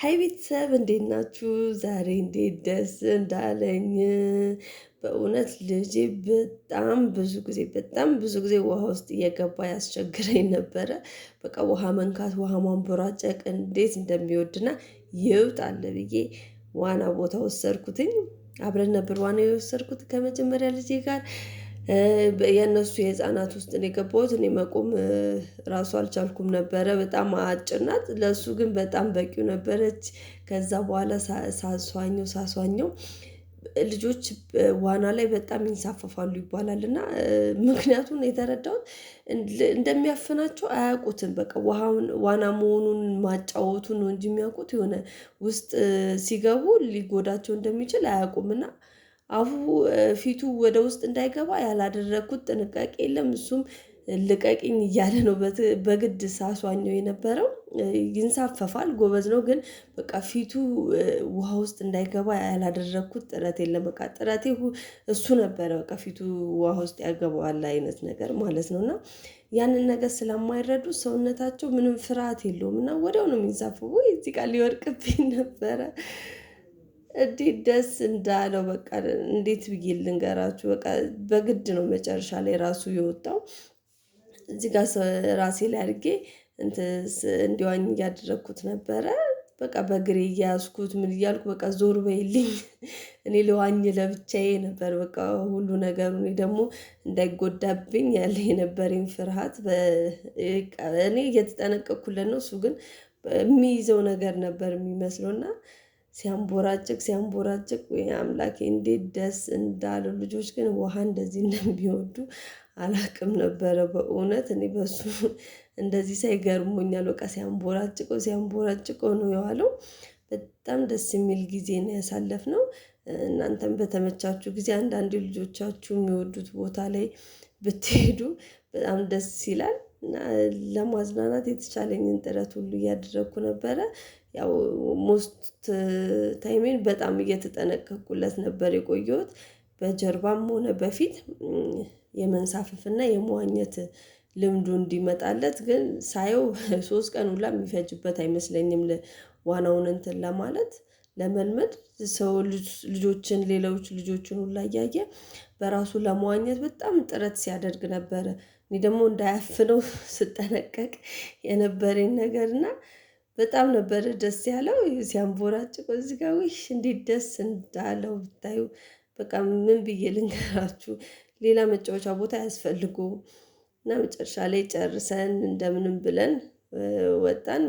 ሀይ ቤተሰብ እንዴት ናችሁ? ዛሬ እንዴት ደስ እንዳለኝ በእውነት ልጄ በጣም ብዙ ጊዜ በጣም ብዙ ጊዜ ውሃ ውስጥ እየገባ ያስቸግረኝ ነበረ። በቃ ውሃ መንካት፣ ውሃ ማንቦራጨቅ እንዴት እንደሚወድና ይውጥ አለ ብዬ ዋና ቦታ ወሰድኩትኝ። አብረን ነበር ዋና የወሰድኩት ከመጀመሪያ ልጄ ጋር የእነሱ የህፃናት ውስጥ ነው የገባሁት። እኔ መቆም ራሱ አልቻልኩም ነበረ። በጣም አጭር ናት፣ ለእሱ ግን በጣም በቂው ነበረች። ከዛ በኋላ ሳሷኘው ሳሷኘው ልጆች ዋና ላይ በጣም ይንሳፈፋሉ ይባላል እና ምክንያቱን የተረዳሁት እንደሚያፍናቸው አያውቁትም። በቃ ዋና መሆኑን ማጫወቱን ነው እንጂ የሚያውቁት የሆነ ውስጥ ሲገቡ ሊጎዳቸው እንደሚችል አያውቁም እና አፉ ፊቱ ወደ ውስጥ እንዳይገባ ያላደረግኩት ጥንቃቄ የለም። እሱም ልቀቂኝ እያለ ነው በግድ ሳሷኘው የነበረው። ይንሳፈፋል፣ ጎበዝ ነው። ግን በቃ ፊቱ ውሃ ውስጥ እንዳይገባ ያላደረግኩት ጥረት የለም። በቃ ጥረቴ እሱ ነበረ። በቃ ፊቱ ውሃ ውስጥ ያገባዋል አይነት ነገር ማለት ነው። እና ያንን ነገር ስለማይረዱ ሰውነታቸው ምንም ፍርሃት የለውም እና ወዲያው ነው የሚንሳፈፉ። እዚህ ቃል ነበረ። እንዴት ደስ እንዳለው በቃ እንዴት ብዬ ልንገራችሁ። በቃ በግድ ነው መጨረሻ ላይ ራሱ የወጣው። እዚህ ጋር ራሴ ላይ አድርጌ እንዲዋኝ እያደረግኩት ነበረ። በቃ በግሬ እያያዝኩት ምን እያልኩ በቃ ዞር በይልኝ፣ እኔ ለዋኝ ለብቻዬ ነበር በቃ ሁሉ ነገሩ። እኔ ደግሞ እንዳይጎዳብኝ ያለ የነበረኝ ፍርሃት እኔ እየተጠነቀቅኩለት ነው፣ እሱ ግን የሚይዘው ነገር ነበር የሚመስለው እና ሲያንቦራጭቅ ሲያንቦራጭቅ አምላኬ እንዴት ደስ እንዳሉ። ልጆች ግን ውሃ እንደዚህ እንደሚወዱ አላቅም ነበረ። በእውነት እኔ በሱ እንደዚህ ሳይገርሞኛል። በቃ ሲያንቦራጭቀው ሲያንቦራጭቀው ነው የዋለው። በጣም ደስ የሚል ጊዜ ነው ያሳለፍነው። እናንተም በተመቻችሁ ጊዜ አንዳንድ ልጆቻችሁ የሚወዱት ቦታ ላይ ብትሄዱ በጣም ደስ ይላል እና ለማዝናናት የተቻለኝን ጥረት ሁሉ እያደረግኩ ነበረ። ያው ሞስት ታይሜን በጣም እየተጠነቀቅኩለት ነበር የቆየሁት። በጀርባም ሆነ በፊት የመንሳፈፍና የመዋኘት ልምዱ እንዲመጣለት ግን ሳየው ሶስት ቀን ሁላ የሚፈጅበት አይመስለኝም። ዋናውን እንትን ለማለት ለመልመድ ሰው ልጆችን ሌሎች ልጆችን ሁላ እያየ በራሱ ለመዋኘት በጣም ጥረት ሲያደርግ ነበረ። እኔ ደግሞ እንዳያፍነው ስጠነቀቅ የነበረኝ ነገር እና በጣም ነበረ ደስ ያለው ሲያንቦራጭቆ እዚህ ጋር ውሽ እንዴት ደስ እንዳለው ብታዩ። በቃ ምን ብዬ ልንገራችሁ፣ ሌላ መጫወቻ ቦታ ያስፈልጉ እና መጨረሻ ላይ ጨርሰን እንደምንም ብለን ወጣን።